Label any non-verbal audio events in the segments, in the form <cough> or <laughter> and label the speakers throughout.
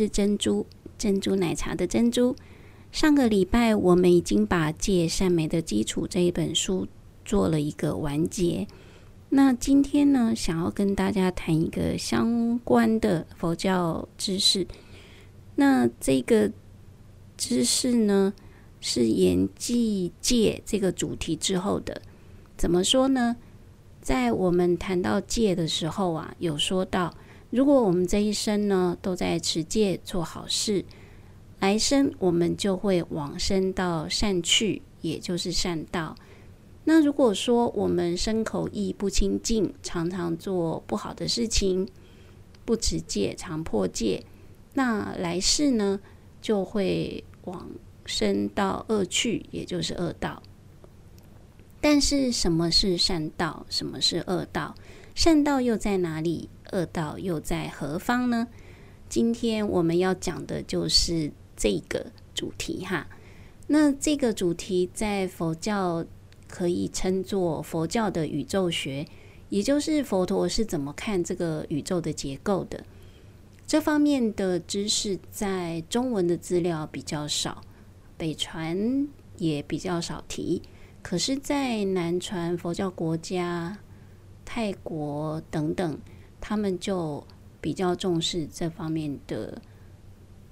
Speaker 1: 是珍珠，珍珠奶茶的珍珠。上個禮拜我們已經把《戒善美》的基礎這一本書做了一個完結。那今天呢，想要跟大家談一個相關的佛教知識。那這個知識呢，是延繼戒這個主題之後的。怎麼說呢？在我們談到戒的時候啊，有說到。如果我們這一生呢，都在持戒做好事，來生我們就會往生到善趣，也就是善道。那如果說我們身口意不清淨，常常做不好的事情，不持戒，常破戒，那來世呢，就會往生到惡趣，也就是惡道。但是什麼是善道？什麼是惡道？善道又在哪裡？惡道又在何方呢？今天我們要講的就是這個主題哈。那這個主題在佛教可以稱作佛教的宇宙學，也就是佛陀是怎麼看這個宇宙的結構的。這方面的知識在中文的資料比較少，北傳也比較少提，可是，在南傳佛教國家，泰國等等。他們就比較重視這方面的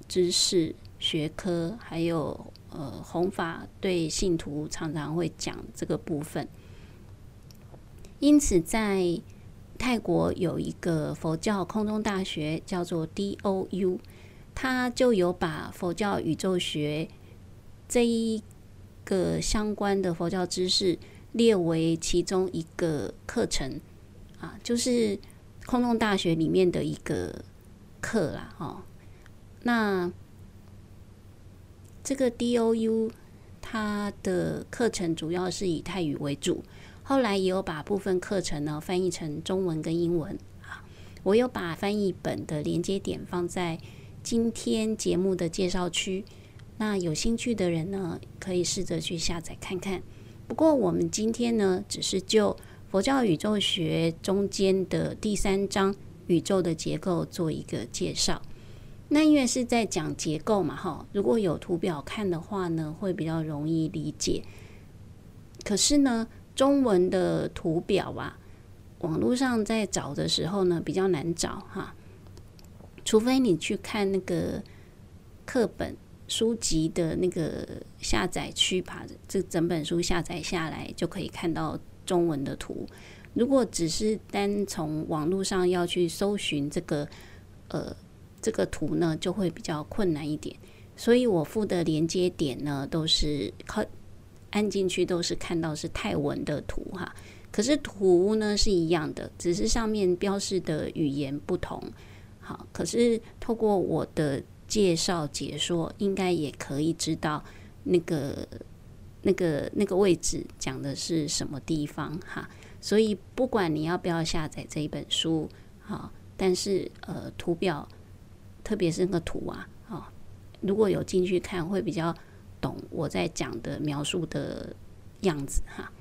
Speaker 1: 知識、學科，還有呃，弘法對信徒常常會講這個部分。因此，在泰國有一個佛教空中大學，叫做 D.O.U.，他就有把佛教宇宙學這一個相關的佛教知識列為其中一個課程啊，就是。空洞大學裡面的一個課啦，哦，那這個 DOU 它的課程主要是以泰語為主，後來也有把部分課程呢翻譯成中文跟英文啊，我有把翻譯本的連接點放在今天節目的介紹區，那有興趣的人呢可以試着去下載看看。不過我們今天呢只是就。佛教宇宙學中間的第三章《宇宙的結構》做一個介紹。那因為是在講結構嘛，哈，如果有圖表看的話呢，會比較容易理解。可是呢，中文的圖表啊，網絡上在找的時候呢，比較難找哈。除非你去看那個課本書籍的那個下載區，把這整本書下載下來，就可以看到。中文的圖，如果只是單從網絡上要去搜尋這個呃這個圖呢，就會比較困難一點。所以我附的連接點呢，都是靠按進去都是看到是泰文的圖哈，可是圖呢是一樣的，只是上面標示的語言不同。好，可是透過我的介紹解說，應該也可以知道那個。那個那個位置講的是什麼地方哈，所以不管你要不要下載這一本書，好，但是呃圖表，特別是那個圖啊，啊，如果有進去看會比較懂我在講的描述的樣子哈。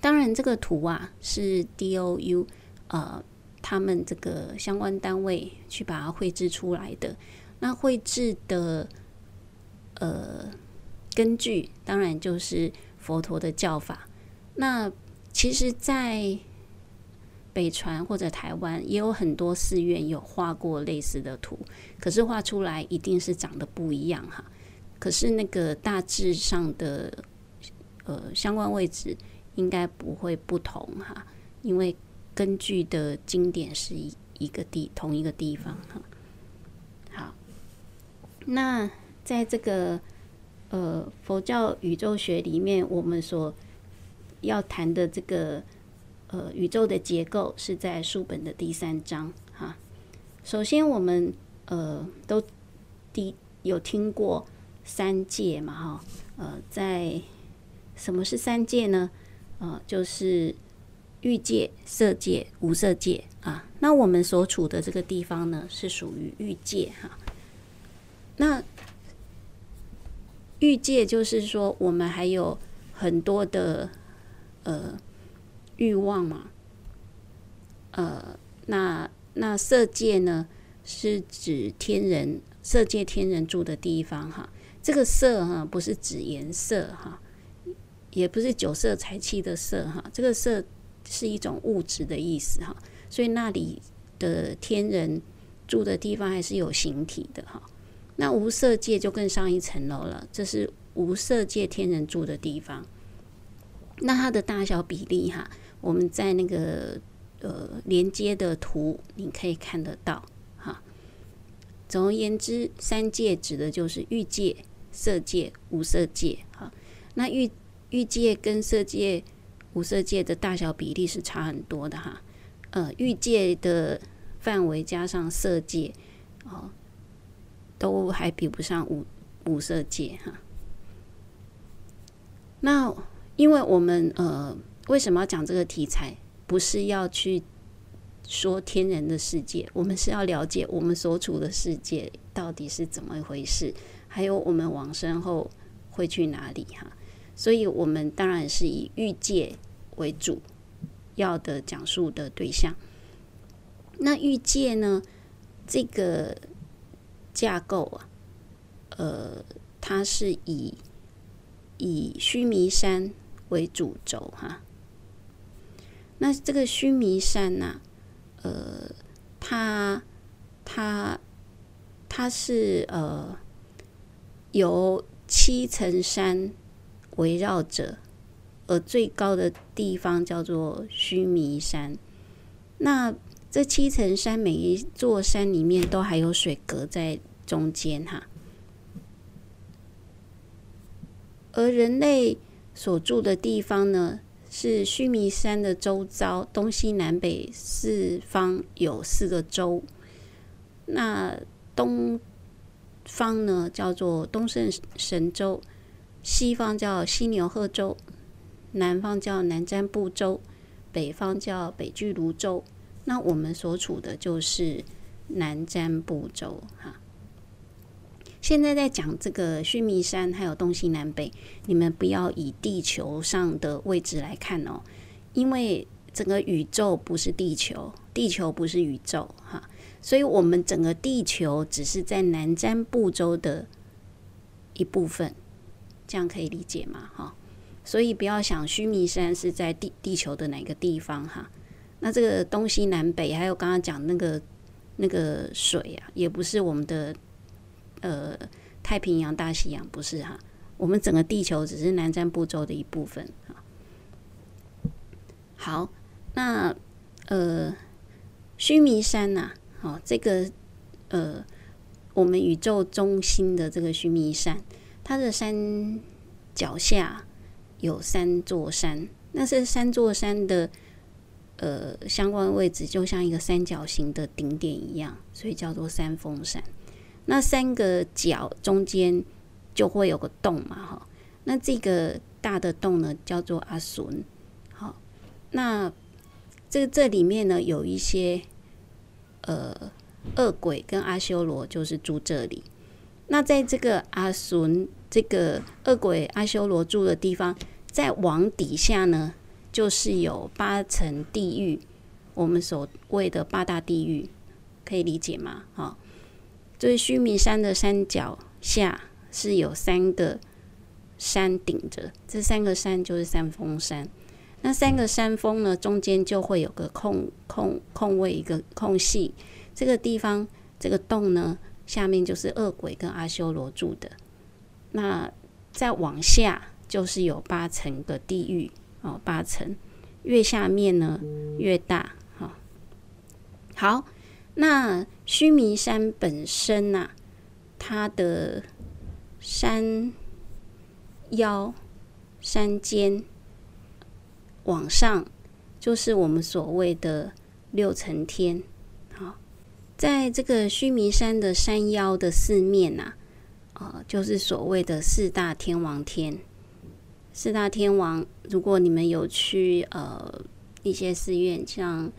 Speaker 1: 當然這個圖啊是 DOU 呃他們這個相關單位去把它繪制出來的，那繪制的。根據當然就是佛陀的教法。那其實，在北傳或者台灣也有很多寺院有畫過類似的圖，可是畫出來一定是長得不一樣哈。可是那個大致上的呃相關位置應該不會不同哈，因為根據的經典是一一個地同一個地方哈。好，那在這個。呃，佛教宇宙學裡面，我們所要談的這個呃宇宙的結構是在書本的第三章哈、啊。首先，我們呃都第有聽過三界嘛哈，呃、啊，在什麼是三界呢？啊，就是欲界、色界、無色界啊。那我們所處的這個地方呢，是屬於欲界哈、啊。那欲界就是說，我們還有很多的呃欲望嘛，呃，那那色界呢，是指天人色界天人住的地方哈。這個色哈，不是指顏色哈，也不是酒色財氣的色哈。這個色是一種物質的意思哈，所以那裡的天人住的地方還是有形體的哈。那無色界就更上一層樓了，這是無色界天人住的地方。那它的大小比例哈，我們在那個呃連接的圖你可以看得到哈。總而言之，三界指的就是欲界、色界、無色界哈。那欲欲界跟色界、無色界的大小比例是差很多的哈。呃，欲界的範圍加上色界，哦。都還比不上五五色界哈。那因為我們呃，為什麼要講這個題材？不是要去說天人的世界，我們是要了解我們所處的世界到底是怎麼一回事，還有我們往生後會去哪裡哈。所以，我們當然是以欲界為主要的講述的對象。那欲界呢？這個。架構啊，呃，它是以以須彌山為主軸哈、啊。那這個須彌山吶、啊，呃，它它它是呃由七層山圍繞着，呃，最高的地方叫做須彌山。那這七層山，每一座山裡面都還有水隔在。中間哈，而人類所住的地方呢，是須彌山的周遭，東西南北四方有四個洲。那東方呢，叫做東勝神洲；西方叫西牛賀洲；南方叫南瞻部洲；北方叫北俱蘆洲。那我們所處的就是南瞻部洲哈。現在在講這個須彌山，還有東西南北，你們不要以地球上的位置來看哦，因為整個宇宙不是地球，地球不是宇宙哈，所以我們整個地球只是在南瞻部洲的一部分，這樣可以理解嗎？哈，所以不要想須彌山是在地地球的哪個地方哈，那這個東西南北還有剛剛講那個那個水啊，也不是我們的。呃，太平洋、大西洋不是哈，我們整個地球只是南瞻部洲的一部分啊。好，那呃，須彌山吶，好，這個呃，我們宇宙中心的這個須彌山，它的山腳下有三座山，那是三座山的呃相關位置，就像一個三角形的頂點一樣，所以叫做三峰山。那三個角中間就會有個洞嘛，哈。那這個大的洞呢，叫做阿旬，好。那這這裡面呢，有一些呃惡鬼跟阿修羅，就是住這裡。那在這個阿旬這個惡鬼阿修羅住的地方，在往底下呢，就是有八層地獄，我們所謂的八大地獄，可以理解嗎？好。就是須彌山的山腳下是有三個山頂着，這三個山就是三峰山。那三個山峰呢，中間就會有個空空空位，一個空隙。這個地方這個洞呢，下面就是惡鬼跟阿修羅住的。那再往下就是有八層的地獄哦，八層越下面呢越大。哈、哦，好那。須彌山本身吶、啊，它的山腰、山尖往上，就是我們所謂的六層天。好，在這個須彌山的山腰的四面吶、啊，啊、呃，就是所謂的四大天王天。四大天王，如果你們有去呃一些寺院，像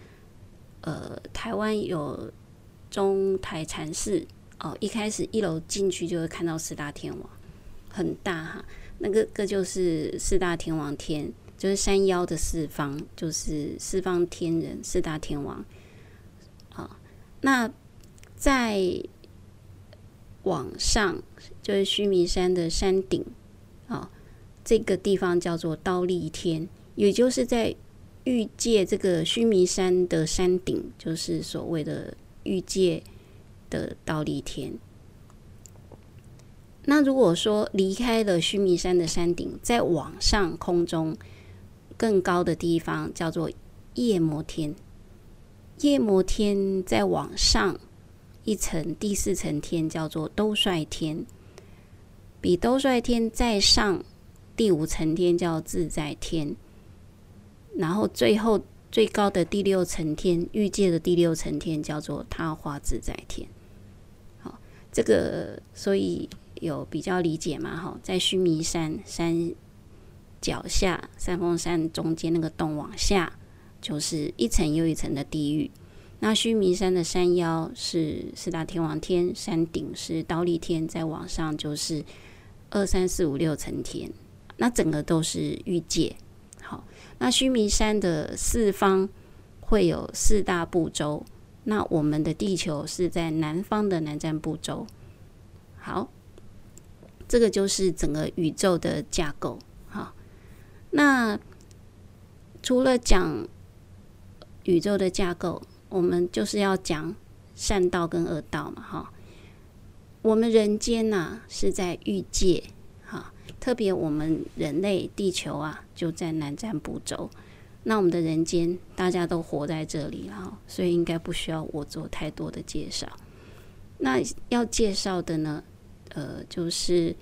Speaker 1: 呃台灣有。東台禪寺哦，一開始一樓進去就會看到四大天王，很大哈。那個個就是四大天王天，就是山腰的四方，就是四方天人，四大天王。那在往上就是須彌山的山頂，這個地方叫做忉利天，也就是在欲界這個須彌山的山頂，就是所謂的。欲界的忉利天，那如果說離開了須彌山的山頂，再往上空中更高的地方叫做夜摩天。夜摩天再往上一層，第四層天叫做兜率天。比兜率天再上第五層天叫自在天，然後最後。最高的第六層天，欲界的第六層天叫做他化自在天。好，這個所以有比較理解嘛？吼，在須彌山山腳下、三峰山中間那個洞往下，就是一層又一層的地獄。那須彌山的山腰是四大天王天，山頂是忉利天，再往上就是二三四五六層天，那整個都是欲界。好，那須彌山的四方會有四大部洲，那我們的地球是在南方的南瞻部洲。好，這個就是整個宇宙的架構。好，那除了講宇宙的架構，我們就是要講善道跟惡道嘛。哈，我們人間吶，啊，是在欲界。特別我們人類地球啊，就在南瞻部洲。那我們的人間，大家都活在這裡了，所以應該不需要我做太多的介紹。那要介紹的呢，呃，就是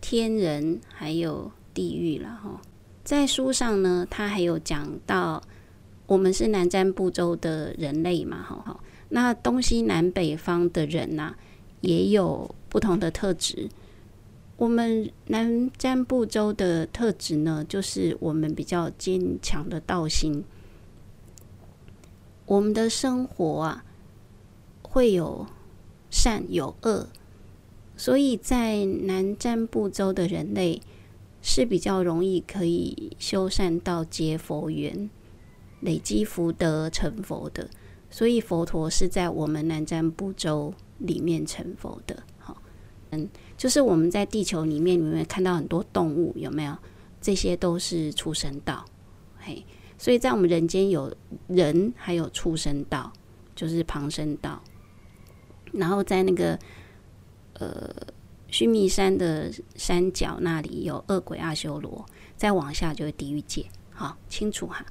Speaker 1: 天人還有地獄了哈。在書上呢，它還有講到，我們是南瞻部洲的人類嘛，哈，那東西南北方的人吶、啊，也有不同的特質。我們南瞻部洲的特質呢，就是我們比較堅強的道心。我們的生活啊，會有善有惡，所以在南瞻部洲的人類是比較容易可以修善道、結佛緣、累積福德成佛的。所以佛陀是在我們南瞻部洲裡面成佛的。嗯，就是我們在地球裡面，有沒有看到很多動物？有沒有？這些都是畜生道。嘿，所以在我們人間有人，還有畜生道，就是旁生道。然後在那個呃須彌山的山腳那裡有惡鬼阿修羅，再往下就是地獄界。好，清楚哈。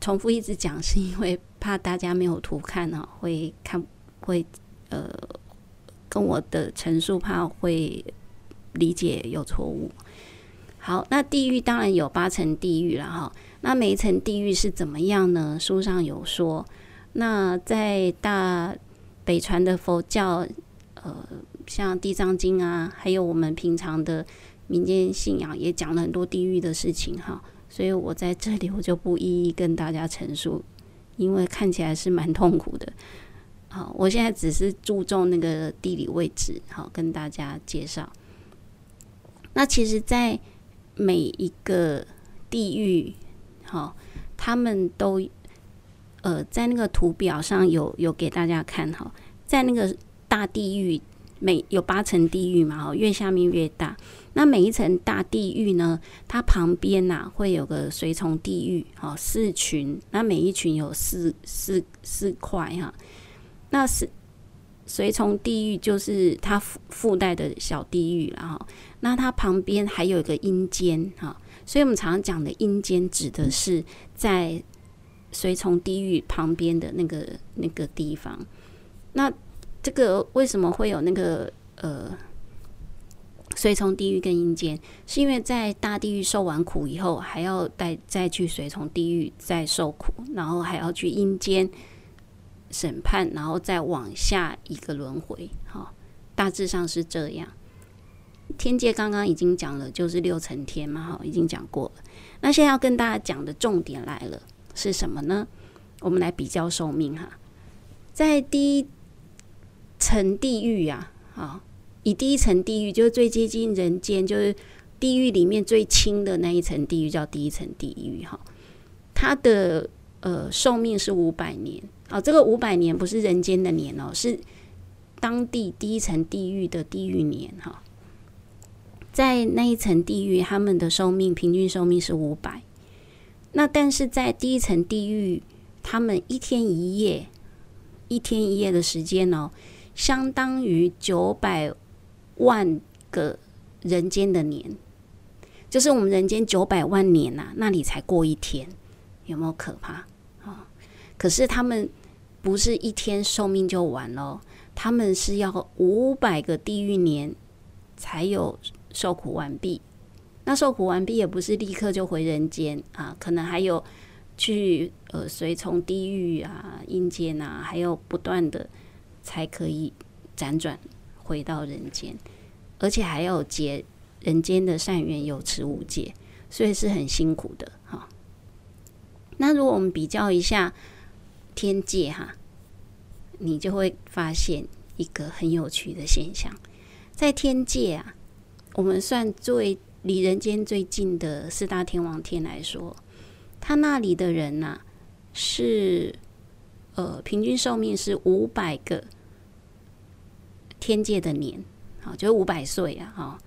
Speaker 1: 重複一直講是因為怕大家沒有圖看喔，會看會呃。跟我的陳述怕會理解有錯誤。好，那地獄當然有八層地獄了哈。那每一層地獄是怎麼樣呢？書上有說。那在大北傳的佛教，呃，像《地藏經》啊，還有我們平常的民間信仰，也講了很多地獄的事情哈。所以我在這裡我就不一一跟大家陳述，因為看起來是蠻痛苦的。好，我現在只是注重那個地理位置，好，跟大家介紹。那其實，在每一個地獄，好，他們都呃，在那個圖表上有有給大家看，哈，在那個大地獄，每有八層地獄嘛，哈，越下面越大。那每一層大地獄呢，它旁邊吶，啊，會有個隨從地獄，好，四群，那每一群有四四四塊哈。那是隨從地獄，就是它附附帶的小地獄，然後那它旁邊還有一個陰間哈，所以我們常常講的陰間指的是在隨從地獄旁邊的那個那個地方。那這個為什麼會有那個呃隨從地獄跟陰間？是因為在大地獄受完苦以後，還要再再去隨從地獄再受苦，然後還要去陰間。審判，然後再往下一個輪迴，哈，大致上是這樣。天界剛剛已經講了，就是六層天嘛，哈，已經講過了。那現在要跟大家講的重點來了，是什麼呢？我們來比較壽命哈，在第一層地獄呀。哈，以第一層地獄就是最接近人間，就是地獄裡面最輕的那一層地獄叫第一層地獄，哈，它的呃壽命是五百年。哦，這個五百年不是人間的年哦，是當地第一層地獄的地獄年哈、哦。在那一層地獄，他們的壽命平均壽命是五百，那但是在第一層地獄，他們一天一夜，一天一夜的時間哦，相當於九百萬個人間的年，就是我們人間九百萬年吶、啊，那裡才過一天，有沒有可怕啊、哦？可是他們。不是一天壽命就完了，他們是要五百個地獄年才有受苦完畢。那受苦完畢也不是立刻就回人間啊，可能還有去呃隨從地獄啊、陰間吶，還有不斷的才可以輾轉回到人間，而且還要結人間的善緣，有持無解，所以是很辛苦的。哈、啊，那如果我們比較一下。天界哈，你就會發現一個很有趣的現象，在天界啊，我們算最離人間最近的四大天王天來說，他那裡的人吶，啊，是呃，平均壽命是五百個天界的年，好，就是五百歲啊，哈，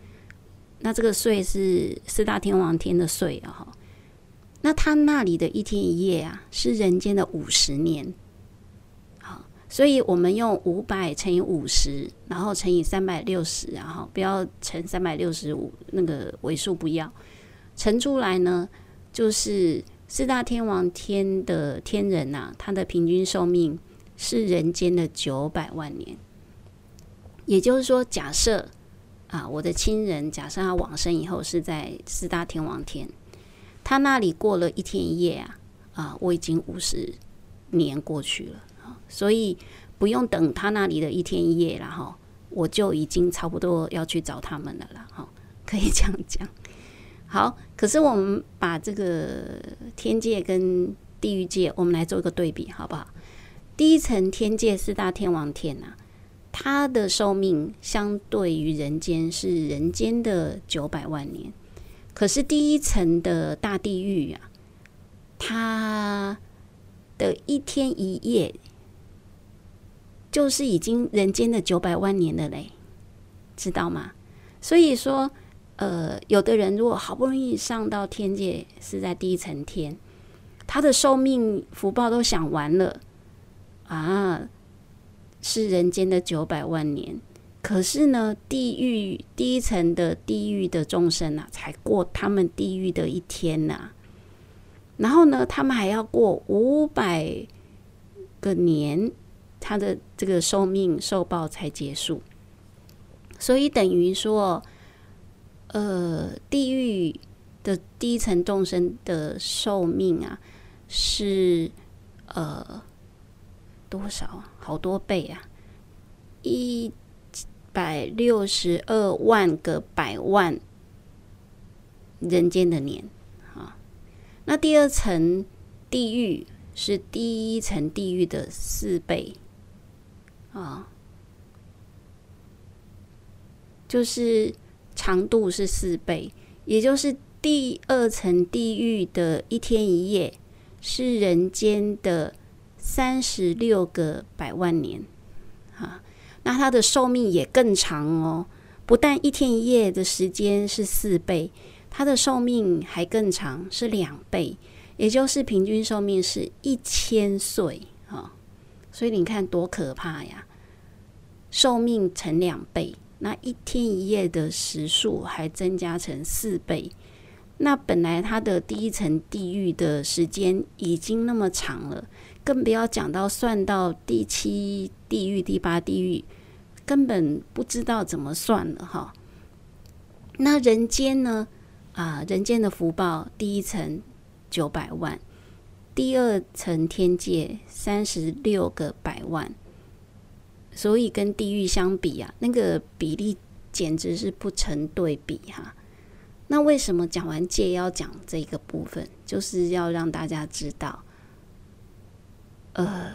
Speaker 1: 那這個歲是四大天王天的歲啊，哈。那他那裡的一天一夜啊，是人間的五十年。好，所以我們用五百乘以五十，然後乘以三百六十，然後不要乘三百六十五，那個尾數不要乘出來呢，就是四大天王天的天人吶、啊，他的平均壽命是人間的九百萬年。也就是說假，假設啊，我的親人假設他往生以後是在四大天王天。他那裡過了一天一夜啊，啊，我已經五十年過去了，所以不用等他那裡的一天一夜了哈，我就已經差不多要去找他們了啦。哈，可以這樣講。好，可是我們把這個天界跟地獄界，我們來做一個對比好不好？第一層天界四大天王天吶啊，它的壽命相對於人間是人間的九百萬年。可是第一層的大地獄呀、啊，它的一天一夜，就是已經人間的九百萬年了嘞，知道嗎？所以說，呃，有的人如果好不容易上到天界，是在第一層天，他的壽命福報都享完了，啊，是人間的九百萬年。可是呢，地獄第一層的地獄的眾生啊，才過他們地獄的一天吶、啊。然後呢，他們還要過五百個年，他的這個壽命受報才結束。所以等於說，呃，地獄的第一層眾生的壽命啊，是呃多少？好多倍啊！一百六十二萬個百萬人間的年啊，那第二層地獄是第一層地獄的四倍啊，就是長度是四倍，也就是第二層地獄的一天一夜是人間的三十六個百萬年啊。那它的壽命也更長哦，不但一天一夜的時間是四倍，它的壽命還更長，是兩倍，也就是平均壽命是一千歲啊、哦。所以你看多可怕呀！壽命乘兩倍，那一天一夜的時數還增加成四倍，那本來它的第一層地獄的時間已經那麼長了。更不要講到算到第七地獄、第八地獄，根本不知道怎麼算了哈。那人間呢？啊，人間的福報，第一層九百萬，第二層天界三十六個百萬，所以跟地獄相比啊，那個比例簡直是不成對比哈。那為什麼講完界要講這個部分？就是要讓大家知道。呃，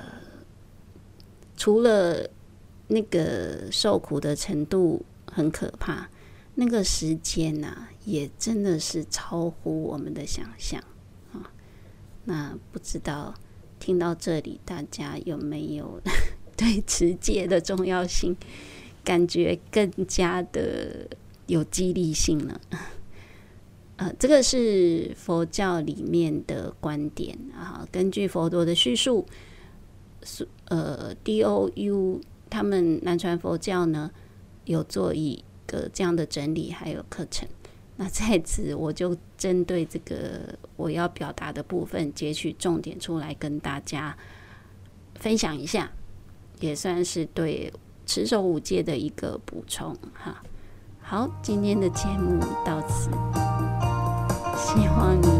Speaker 1: 除了那個受苦的程度很可怕，那個時間吶、啊、也真的是超乎我們的想象啊。那不知道聽到這裡，大家有沒有 <laughs> 對持戒的重要性感覺更加的有激勵性呢？呃、啊，這個是佛教裡面的觀點啊，根據佛陀的敘述。呃，DOU 他們南傳佛教呢，有做一個這樣的整理，還有課程。那在此，我就針對這個我要表達的部分，截取重點出來跟大家分享一下，也算是對持守五戒的一個補充哈。好，今天的節目到此，希望你。